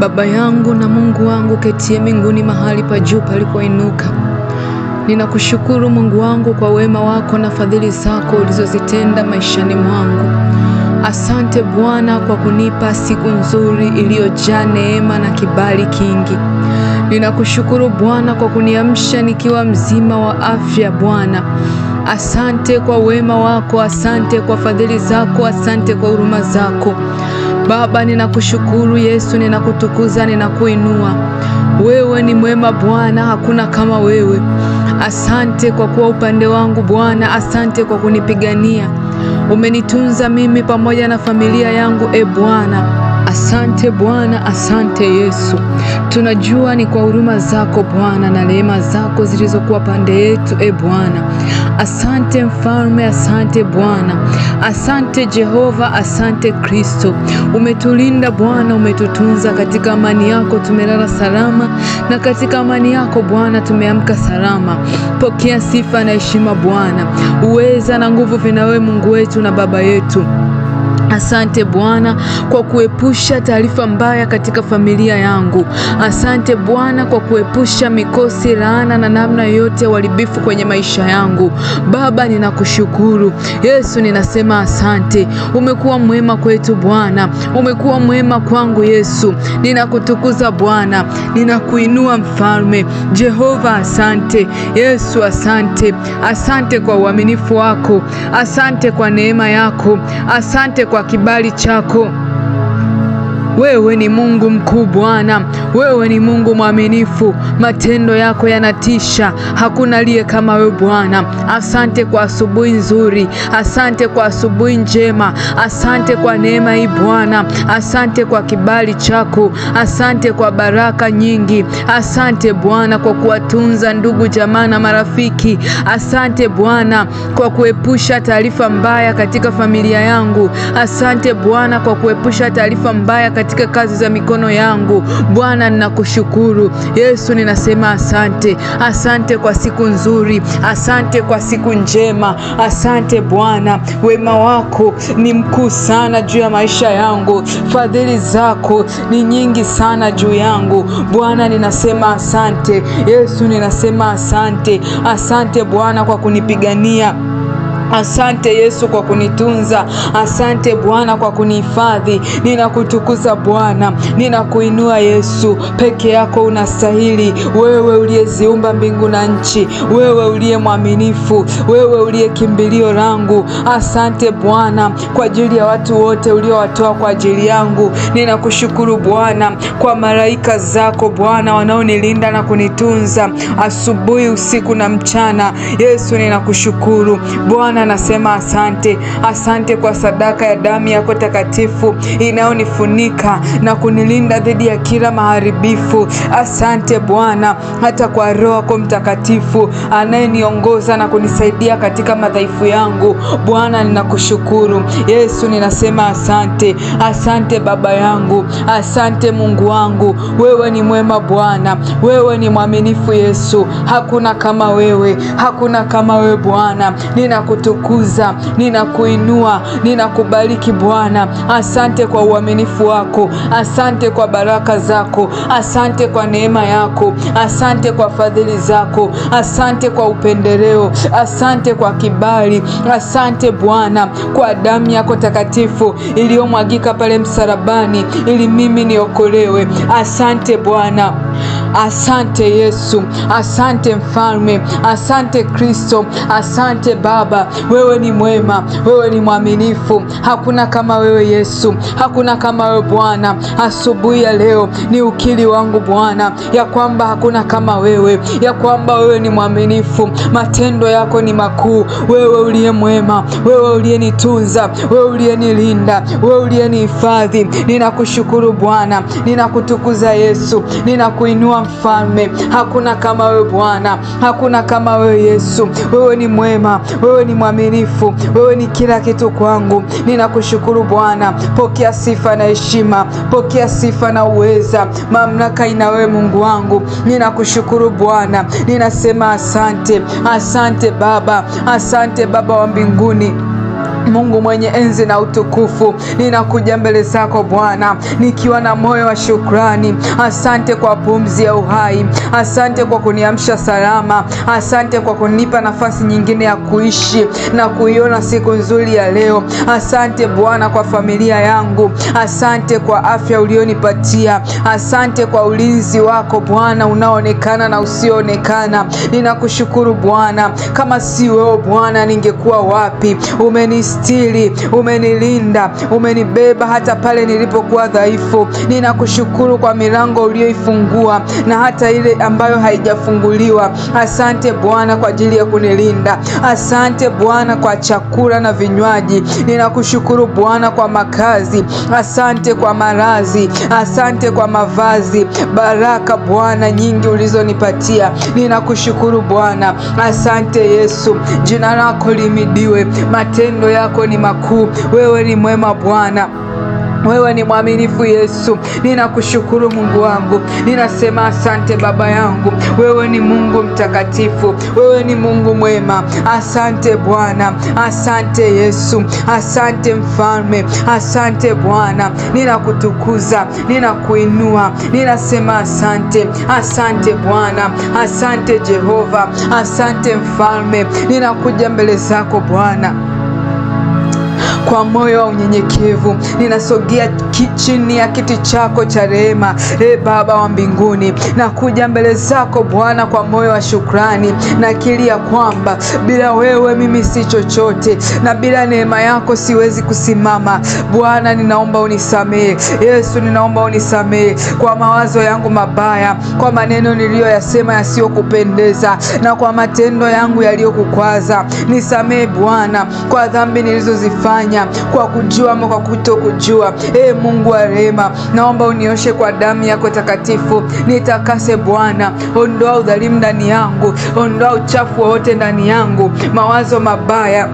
Baba yangu na Mungu wangu ketie mbinguni mahali pa juu palipoinuka, ninakushukuru Mungu wangu kwa wema wako na fadhili zako ulizozitenda maishani mwangu. Asante Bwana kwa kunipa siku nzuri iliyojaa neema na kibali kingi. Ninakushukuru Bwana kwa kuniamsha nikiwa mzima wa afya Bwana. Asante kwa wema wako, asante kwa fadhili zako, asante kwa huruma zako. Baba, ninakushukuru Yesu, ninakutukuza, ninakuinua. Wewe ni mwema Bwana, hakuna kama wewe. Asante kwa kuwa upande wangu Bwana, asante kwa kunipigania. Umenitunza mimi pamoja na familia yangu, e Bwana. Asante Bwana, asante Yesu. Tunajua ni kwa huruma zako Bwana na neema zako zilizokuwa pande yetu, e Bwana. Asante Mfalme, asante Bwana, asante Jehova, asante Kristo. Umetulinda Bwana, umetutunza katika amani yako, tumelala salama, na katika amani yako Bwana tumeamka salama. Pokea sifa na heshima Bwana, uweza na nguvu vinawe Mungu wetu na Baba yetu. Asante Bwana kwa kuepusha taarifa mbaya katika familia yangu. Asante Bwana kwa kuepusha mikosi, laana na namna yoyote ya uharibifu kwenye maisha yangu. Baba, ninakushukuru. Yesu, ninasema asante. Umekuwa mwema kwetu Bwana, umekuwa mwema kwangu Yesu. Ninakutukuza Bwana, ninakuinua Mfalme Jehova. Asante Yesu, asante, asante kwa uaminifu wako, asante kwa neema yako, asante kwa kibali chako. Wewe ni Mungu mkuu Bwana, wewe ni Mungu mwaminifu, matendo yako yanatisha, hakuna aliye kama wewe Bwana. Asante kwa asubuhi nzuri, asante kwa asubuhi njema, asante kwa neema hii Bwana, asante kwa kibali chako, asante kwa baraka nyingi, asante Bwana kwa kuwatunza ndugu jamaa na marafiki, asante Bwana kwa kuepusha taarifa mbaya katika familia yangu, asante Bwana kwa kuepusha taarifa mbaya katika katika kazi za mikono yangu. Bwana, ninakushukuru Yesu, ninasema asante, asante kwa siku nzuri, asante kwa siku njema, asante Bwana, wema wako ni mkuu sana juu ya maisha yangu, fadhili zako ni nyingi sana juu yangu. Bwana, ninasema asante Yesu, ninasema asante, asante Bwana kwa kunipigania Asante Yesu kwa kunitunza, asante Bwana kwa kunihifadhi. Ninakutukuza Bwana, ninakuinua Yesu. Peke yako unastahili wewe, uliyeziumba mbingu na nchi, wewe uliye mwaminifu, wewe uliye kimbilio langu. Asante Bwana kwa ajili ya watu wote uliowatoa kwa ajili yangu. Ninakushukuru Bwana kwa malaika zako Bwana wanaonilinda na kunitunza asubuhi, usiku na mchana. Yesu ninakushukuru Bwana Bwana anasema asante, asante kwa sadaka ya damu yako takatifu inayonifunika na kunilinda dhidi ya kila maharibifu. Asante Bwana hata kwa Roho yako Mtakatifu anayeniongoza na kunisaidia katika madhaifu yangu. Bwana ninakushukuru. Yesu ninasema asante, asante Baba yangu, asante Mungu wangu. Wewe ni mwema Bwana, wewe ni mwaminifu Yesu, hakuna kama wewe, hakuna kama wewe Bwana ninakutu ninakutukuza, ninakuinua, ninakubariki Bwana. Asante kwa uaminifu wako, asante kwa baraka zako, asante kwa neema yako, asante kwa fadhili zako, asante kwa upendeleo, asante kwa kibali, asante Bwana kwa damu yako takatifu iliyomwagika pale msalabani ili mimi niokolewe. Asante Bwana. Asante Yesu, asante Mfalme, asante Kristo, asante Baba. Wewe ni mwema, wewe ni mwaminifu, hakuna kama wewe Yesu, hakuna kama wewe Bwana. Asubuhi ya leo ni ukili wangu Bwana ya kwamba hakuna kama wewe, ya kwamba wewe ni mwaminifu, matendo yako ni makuu. Wewe uliye mwema, wewe uliyenitunza, wewe uliyenilinda, wewe uliyenihifadhi, ninakushukuru Bwana, ninakutukuza Yesu, ninaku kuinua mfalme. Hakuna kama wewe Bwana, hakuna kama wewe Yesu. Wewe ni mwema, wewe ni mwaminifu, wewe ni kila kitu kwangu. Ninakushukuru Bwana, pokea sifa na heshima, pokea sifa na uweza, mamlaka ina wewe Mungu wangu. Ninakushukuru Bwana, ninasema asante, asante Baba, asante Baba wa mbinguni. Mungu mwenye enzi na utukufu, ninakuja mbele zako Bwana nikiwa na moyo wa shukrani. Asante kwa pumzi ya uhai, asante kwa kuniamsha salama, asante kwa kunipa nafasi nyingine ya kuishi na kuiona siku nzuri ya leo. Asante Bwana kwa familia yangu, asante kwa afya ulionipatia, asante kwa ulinzi wako Bwana unaoonekana na usioonekana. Ninakushukuru Bwana, kama si wewe Bwana ningekuwa wapi? umeni umenistiri, umenilinda, umenibeba hata pale nilipokuwa dhaifu. Ninakushukuru kwa milango uliyoifungua na hata ile ambayo haijafunguliwa. Asante Bwana kwa ajili ya kunilinda. Asante Bwana kwa chakula na vinywaji. Ninakushukuru Bwana kwa makazi. Asante kwa marazi Asante kwa mavazi. Baraka Bwana nyingi ulizonipatia. Ninakushukuru Bwana. Asante Yesu. Jina lako limidiwe. Matendo ya yako ni makuu. Wewe ni mwema Bwana, wewe ni mwaminifu Yesu. Ninakushukuru Mungu wangu, ninasema asante Baba yangu. Wewe ni Mungu mtakatifu, wewe ni Mungu mwema. Asante Bwana, asante Yesu, asante Mfalme, asante Bwana. Ninakutukuza, ninakuinua, ninasema asante, asante Bwana, asante Jehova, asante Mfalme. Ninakuja mbele zako Bwana kwa moyo wa unyenyekevu ninasogea chini ya kiti chako cha rehema. E Baba wa mbinguni, nakuja mbele zako Bwana kwa moyo wa shukrani, nakiri ya kwamba bila wewe mimi si chochote na bila neema yako siwezi kusimama. Bwana, ninaomba unisamehe. Yesu, ninaomba unisamehe kwa mawazo yangu mabaya, kwa maneno niliyoyasema yasiyokupendeza na kwa matendo yangu yaliyokukwaza. Nisamehe Bwana kwa dhambi nilizozifanya dunia, kwa kujua ama kwa kujua. E Mungu wa rehema, naomba unioshe kwa damu yako takatifu, nitakase Bwana. Ondoa udhalimu ndani yangu, ondoa uchafu wowote ndani yangu, mawazo mabaya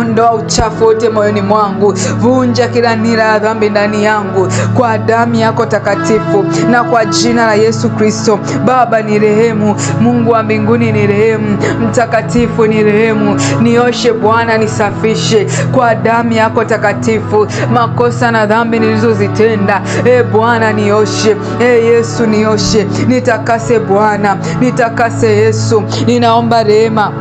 Ondoa uchafu wote moyoni mwangu, vunja kila nira ya dhambi ndani yangu kwa damu yako takatifu na kwa jina la Yesu Kristo. Baba ni rehemu, Mungu wa mbinguni ni rehemu, mtakatifu ni rehemu, nioshe Bwana, nisafishe kwa damu yako takatifu makosa na dhambi nilizozitenda. E Bwana nioshe, e Yesu nioshe, nitakase Bwana, nitakase Yesu, ninaomba rehema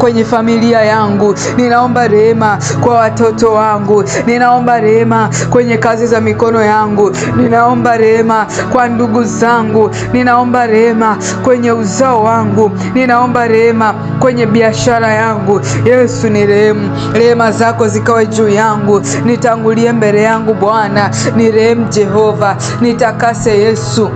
kwenye familia yangu, ninaomba rehema kwa watoto wangu, ninaomba rehema kwenye kazi za mikono yangu, ninaomba rehema kwa ndugu zangu, ninaomba rehema kwenye uzao wangu, ninaomba rehema kwenye biashara yangu. Yesu ni rehemu, rehema zako zikawe juu yangu, nitangulie mbele yangu Bwana, ni rehemu Jehova, nitakase Yesu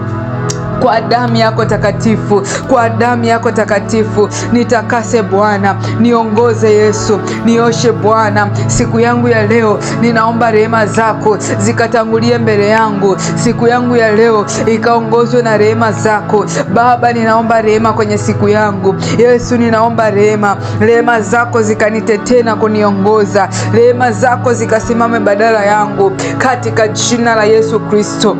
kwa damu yako takatifu, kwa damu yako takatifu. Nitakase Bwana, niongoze Yesu, nioshe Bwana. Siku yangu ya leo ninaomba rehema zako zikatangulie mbele yangu, siku yangu ya leo ikaongozwe na rehema zako Baba. Ninaomba rehema kwenye siku yangu Yesu, ninaomba rehema, rehema zako zikanitetee na kuniongoza, rehema zako zikasimame badala yangu katika jina la Yesu Kristo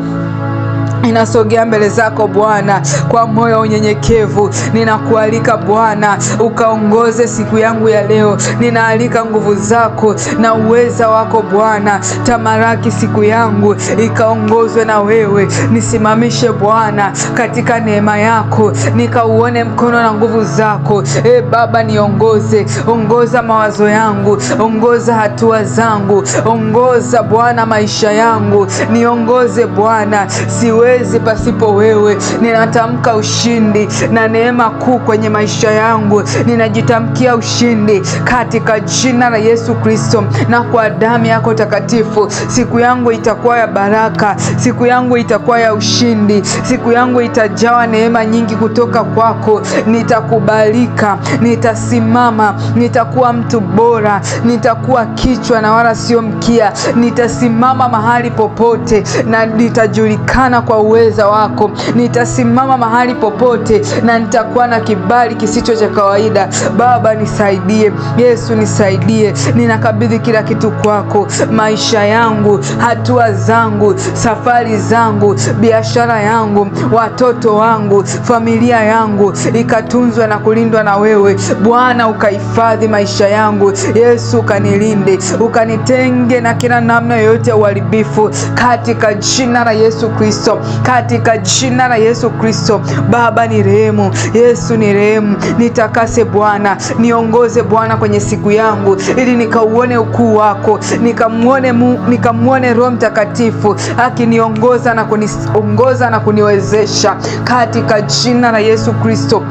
inasogea mbele zako Bwana kwa moyo unyenyekevu. Ninakualika Bwana ukaongoze siku yangu ya leo. Ninaalika nguvu zako na uweza wako Bwana, tamaraki siku yangu ikaongozwe na wewe. Nisimamishe Bwana katika neema yako, nikauone mkono na nguvu zako. E Baba, niongoze, ongoza mawazo yangu, ongoza hatua zangu, ongoza Bwana maisha yangu, niongoze Bwana siwe siwezi pasipo wewe. Ninatamka ushindi na neema kuu kwenye maisha yangu, ninajitamkia ushindi katika jina la Yesu Kristo, na kwa damu yako takatifu, siku yangu itakuwa ya baraka, siku yangu itakuwa ya ushindi, siku yangu itajawa neema nyingi kutoka kwako. Nitakubalika, nitasimama, nitakuwa mtu bora, nitakuwa kichwa na wala sio mkia. Nitasimama mahali popote na nitajulikana kwa kwa uweza wako. Nitasimama mahali popote na nitakuwa na kibali kisicho cha kawaida. Baba nisaidie, Yesu nisaidie, ninakabidhi kila kitu kwako, maisha yangu, hatua zangu, safari zangu, biashara yangu, watoto wangu, familia yangu, ikatunzwa na kulindwa na wewe Bwana, ukahifadhi maisha yangu Yesu, ukanilinde, ukanitenge na kila namna yoyote ya uharibifu katika jina la Yesu Kristo katika jina la Yesu Kristo. Baba ni rehemu, Yesu ni rehemu, nitakase Bwana, niongoze Bwana kwenye siku yangu, ili nikauone ukuu wako, nikamwone nikamwone Roho Mtakatifu akiniongoza na kuniongoza na kuniwezesha katika jina la Yesu Kristo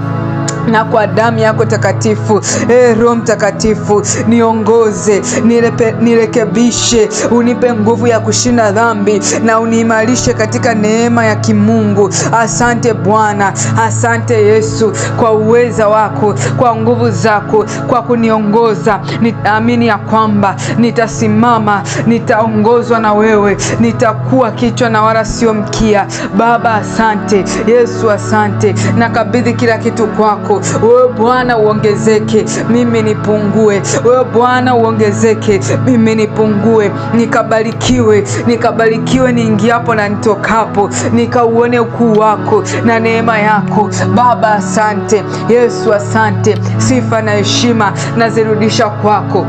na kwa damu yako takatifu. E Roho Mtakatifu, niongoze, nirepe, nirekebishe, unipe nguvu ya kushinda dhambi na uniimarishe katika neema ya kimungu. Asante Bwana, asante Yesu kwa uweza wako, kwa nguvu zako, kwa kuniongoza. Nitaamini ya kwamba nitasimama, nitaongozwa na wewe, nitakuwa kichwa na wala sio mkia. Baba asante Yesu, asante. Nakabidhi kila kitu kwako wako. Wewe Bwana uongezeke, mimi nipungue. Wewe Bwana uongezeke, mimi nipungue, nikabarikiwe, nikabarikiwe niingiapo na nitokapo, nikauone ukuu wako na neema yako. Baba, asante Yesu, asante. Sifa na heshima nazirudisha kwako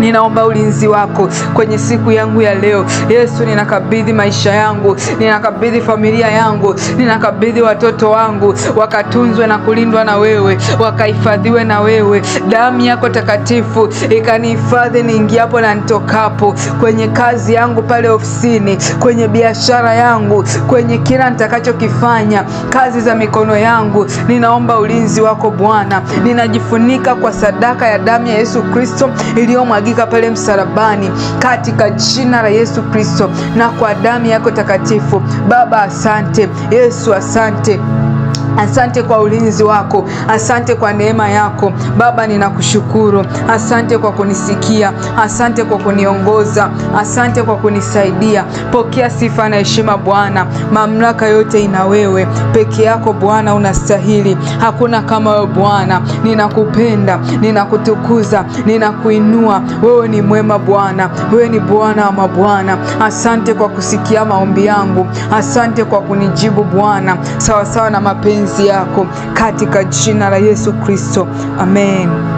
ninaomba ulinzi wako kwenye siku yangu ya leo. Yesu, ninakabidhi maisha yangu, ninakabidhi familia yangu, ninakabidhi watoto wangu, wakatunzwe na kulindwa na wewe, wakahifadhiwe na wewe. Damu yako takatifu ikanihifadhi niingiapo na nitokapo, kwenye kazi yangu pale ofisini, kwenye biashara yangu, kwenye kila nitakachokifanya, kazi za mikono yangu, ninaomba ulinzi wako Bwana. Ninajifunika kwa sadaka ya damu ya Yesu Kristo iliyomwagika kumwagika pale msalabani, katika jina la Yesu Kristo na kwa damu yako takatifu. Baba, asante Yesu, asante Asante kwa ulinzi wako, asante kwa neema yako Baba, ninakushukuru. Asante kwa kunisikia, asante kwa kuniongoza, asante kwa kunisaidia. Pokea sifa na heshima Bwana, mamlaka yote ina wewe peke yako Bwana, unastahili, hakuna kama wewe Bwana. Ninakupenda, ninakutukuza, ninakuinua. Wewe ni mwema Bwana, wewe ni Bwana wa mabwana. Asante kwa kusikia maombi yangu, asante kwa kunijibu Bwana sawasawa na mapenzi mapenzi yako katika jina la Yesu Kristo, amen.